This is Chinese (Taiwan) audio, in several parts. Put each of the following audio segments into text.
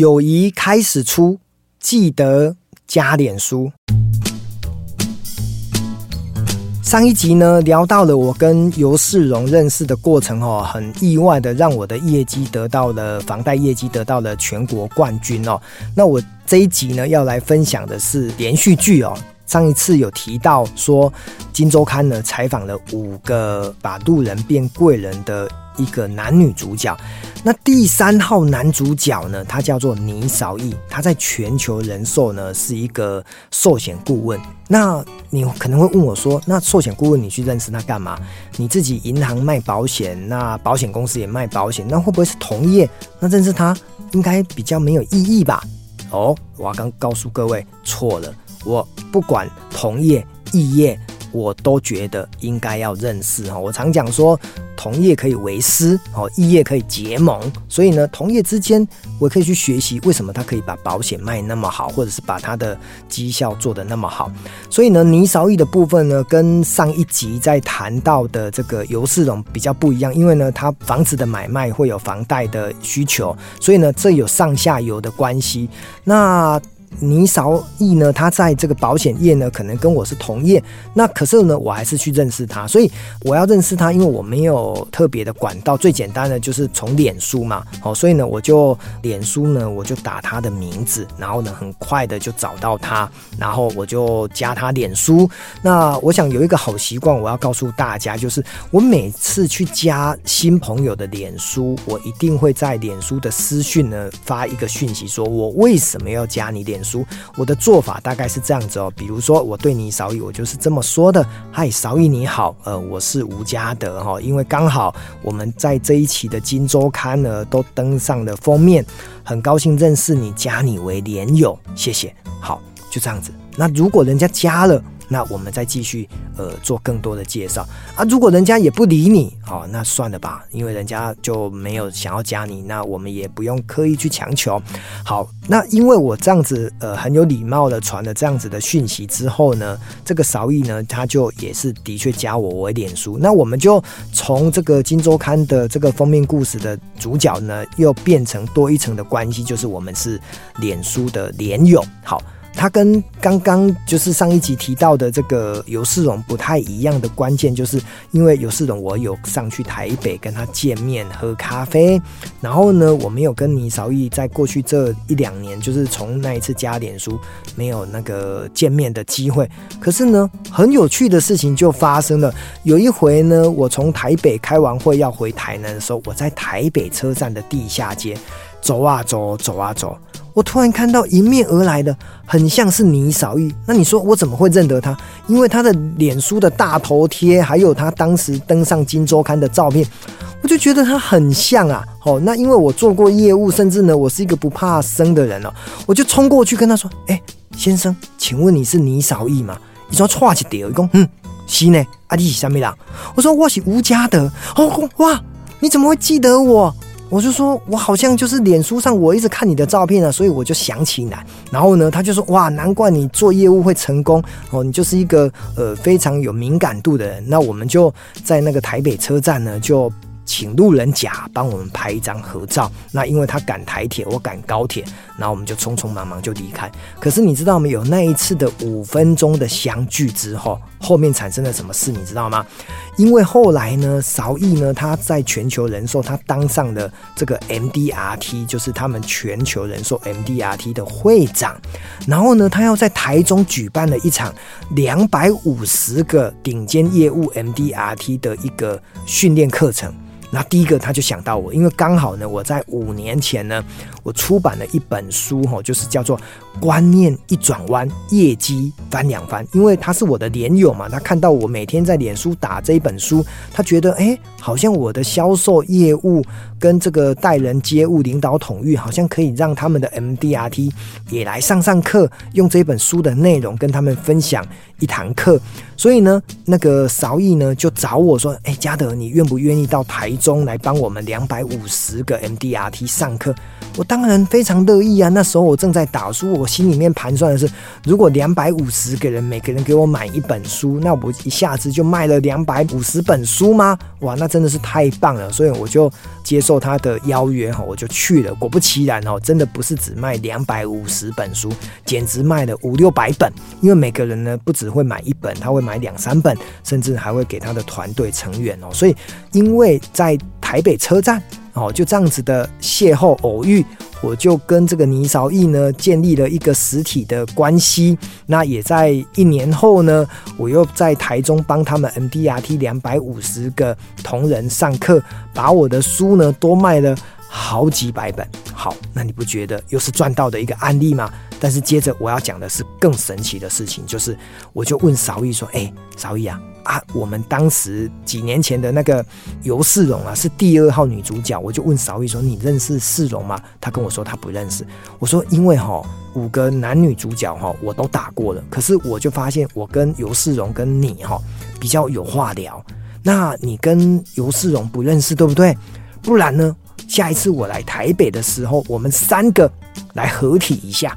友誼開始初，記得加臉書。上一集呢聊到了我跟游士瑢認識的過程哦，很意外的讓我的業績得到了房貸業績得到了全國冠軍哦。那我這一集呢要來分享的是連續劇哦。上一次有提到說《今周刊》呢採訪了五個把路人變貴人的一個男女主角。那第三號男主角呢？他叫做倪韶謚，他在全球人壽呢是一個壽險顧問。那你可能會問我說：“那壽險顧問，你去認識他幹嘛？你自己銀行賣保險，那保險公司也賣保險，那會不會是同業？那認識他應該比較沒有意義吧？”哦，我剛告訴各位錯了。我不管同業、異業，我都覺得應該要認識哈。我常講說。同業可以為師，哦，異業可以結盟，所以呢，同業之間我可以去學習為什麼他可以把保險賣那麼好，或者是把他的績效做得那麼好。所以呢，倪韶謚的部分呢，跟上一集在談到的這個游士瑢比較不一樣，因為呢，他房子的買賣會有房貸的需求，所以呢，這有上下游的關係。那倪韶謚呢，他在這個保險業呢，可能跟我是同業。那可是呢，我還是去認識他，所以我要認識他，因為我沒有特別的管道，最簡單的就是從臉書嘛，哦，所以呢，我就臉書呢，我就打他的名字，然後呢，很快的就找到他，然後我就加他臉書。那我想有一個好習慣，我要告訴大家，就是我每次去加新朋友的臉書，我一定會在臉書的私訊呢發一個訊息，說我為什麼要加你臉。熟，我的做法大概是這樣子哦。比如說，我對你韶謚，我就是這麼說的：嗨，韶謚你好，呃，我是吳家德哈，因為剛好我們在這一期的《今周刊》呢都登上了封面，很高興認識你，加你為臉友，謝謝。好，就這樣子。那如果人家加了？那我們再繼續，呃，做更多的介紹啊。如果人家也不理你，好、哦，那算了吧，因為人家就沒有想要加你，那我們也不用刻意去強求。好，那因為我這樣子，呃，很有禮貌的傳了這樣子的訊息之後呢，這個韶謚呢，他就也是的確加我為臉書，那我們就從這個今周刊的這個封面故事的主角呢，又變成多一層的關係，就是我們是臉書的臉友。好。他跟剛剛就是上一集提到的這個游士瑢不太一樣的關鍵，就是因為游士瑢我有上去台北跟他見面喝咖啡，然後呢，我沒有跟倪韶謚在過去這一兩年，就是從那一次加臉書沒有那個見面的機會。可是呢，很有趣的事情就發生了，有一回呢，我從台北開完會要回台南的時候，我在台北車站的地下街。走啊走，走啊，走，啊走，我突然看到迎面而來的，很像是倪韶謚。那你說我怎麼會認得他？因為他的臉書的大頭貼，還有他當時登上《今周刊》的照片，我就覺得他很像啊。哦，那因為我做過業務，甚至呢，我是一個不怕生的人哦。我就衝過去跟他說：“哎、欸，先生，請問你是倪韶謚嗎？”你說錯起掉，一講嗯，是呢，阿、啊、弟是什麼事？我說我是吳家德。哦，哇，你怎麼會記得我？我就說，我好像就是臉書上我一直看你的照片啊，所以我就想起你。然後呢，他就說：“哇，難怪你做業務會成功哦，你就是一個呃非常有敏感度的人。”那我們就在那個台北車站呢，就請路人甲幫我們拍一張合照。那因為他趕台鐵，我趕高鐵，然後我們就匆匆忙忙就離開。可是你知道沒有？那一次的五分鐘的相聚之後，後面產生了什麼事？你知道嗎？因為後來呢，韶謚呢，他在全球人壽他當上了這個 MDRT，就是他們全球人壽 MDRT 的會長。然後呢，他要在台中舉辦了一場兩百五十個頂尖業務 MDRT 的一個訓練課程。那第一個他就想到我，因為剛好呢，我在五年前呢，我出版了一本書，哈，就是叫做《觀念一轉彎，業績翻兩番》。因為他是我的連友嘛，他看到我每天在臉書打這一本書，他覺得，哎、欸，好像我的銷售業務跟這個待人接物、領導統御，好像可以讓他們的 MDRT 也來上上課，用這本書的內容跟他們分享一堂課。所以呢，那個韶謚呢就找我說，哎、欸，嘉德，你願不願意到台中來幫我們兩百五十個 MDRT 上課，我當然非常樂意啊。那時候我正在打書，我心裡面盤算的是，如果兩百五十個人每個人給我買一本書，那我一下子就賣了兩百五十本書嗎？哇，那真的是太棒了，所以我就。接受他的邀約哈，我就去了。果不其然哦，真的不是只賣兩百五十本書，簡直賣了五六百本。因為每個人呢，不只會買一本，他會買兩三本，甚至還會給他的團隊成員哦。所以，因為在台北車站哦，就這樣子的邂逅偶遇。我就跟這個倪韶謚呢，建立了一個實體的關係，那也在一年後呢，我又在台中幫他們 MDRT 兩百五十個同仁上課，把我的書呢，多賣了。好幾百本，好，那你不覺得又是賺到的一個案例嗎？但是接着我要講的是更神奇的事情，就是我就問韶謚說：“哎、欸，韶謚啊，啊，我們當時幾年前的那個游士瑢啊，是第二號女主角。”我就問韶謚說：“你認識士瑢嗎？”他跟我說他不認識。我說：“因為吼，五個男女主角吼，我都打過了，可是我就發現我跟游士瑢跟你吼比較有話聊。那你跟游士瑢不認識對不對？不然呢？”下一次我來台北的時候，我們三個來合體一下。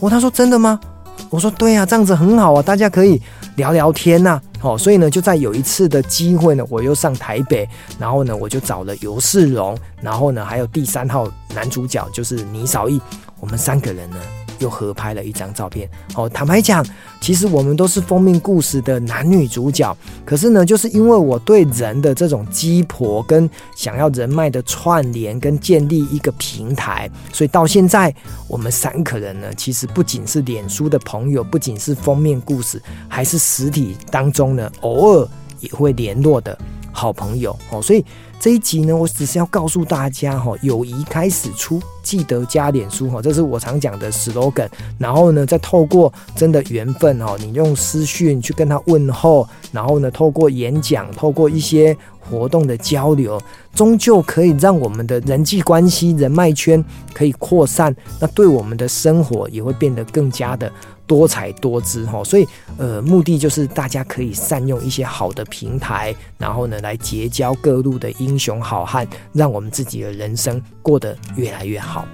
哦，他說真的嗎？我說對啊，這樣子很好啊，大家可以聊聊天吶、啊。好、哦，所以呢，就在有一次的機會呢，我又上台北，然後呢，我就找了游士瑢，然後呢，還有第三號男主角就是倪韶謚，我們三個人呢。又合拍了一張照片。哦，坦白講，其實我們都是封面故事的男女主角。可是呢，就是因為我對人的這種雞婆，跟想要人脈的串聯跟建立一個平台，所以到現在我們三個人呢，其實不僅是臉書的朋友，不僅是封面故事，還是實體當中呢，偶爾也會聯絡的。好朋友哦，所以這一集呢，我只是要告訴大家哈，友誼開始初，記得加臉書哈，這是我常講的 slogan。然後呢，再透過真的緣分哦，你用私訊去跟他問候，然後呢，透過演講，透過一些活動的交流，終究可以讓我們的人際關係、人脈圈可以擴散，那對我們的生活也會變得更加的。多彩多姿，吼！所以，呃，目的就是大家可以善用一些好的平台，然後呢，來結交各路的英雄好漢，讓我們自己的人生過得越來越好。